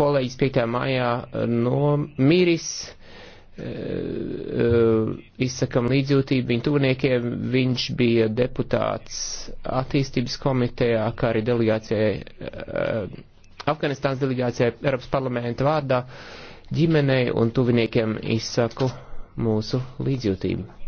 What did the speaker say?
kolēģis 5. maijā nomiris. E, e, izsakam līdzjūtību viņa tuviniekiem. Viņš bija deputāts attīstības komitejā, kā arī delegācijai, e, Afganistānas delegācijai Eiropas parlamenta vārdā. Ģimenei un tuviniekiem izsaku mūsu līdzjūtību.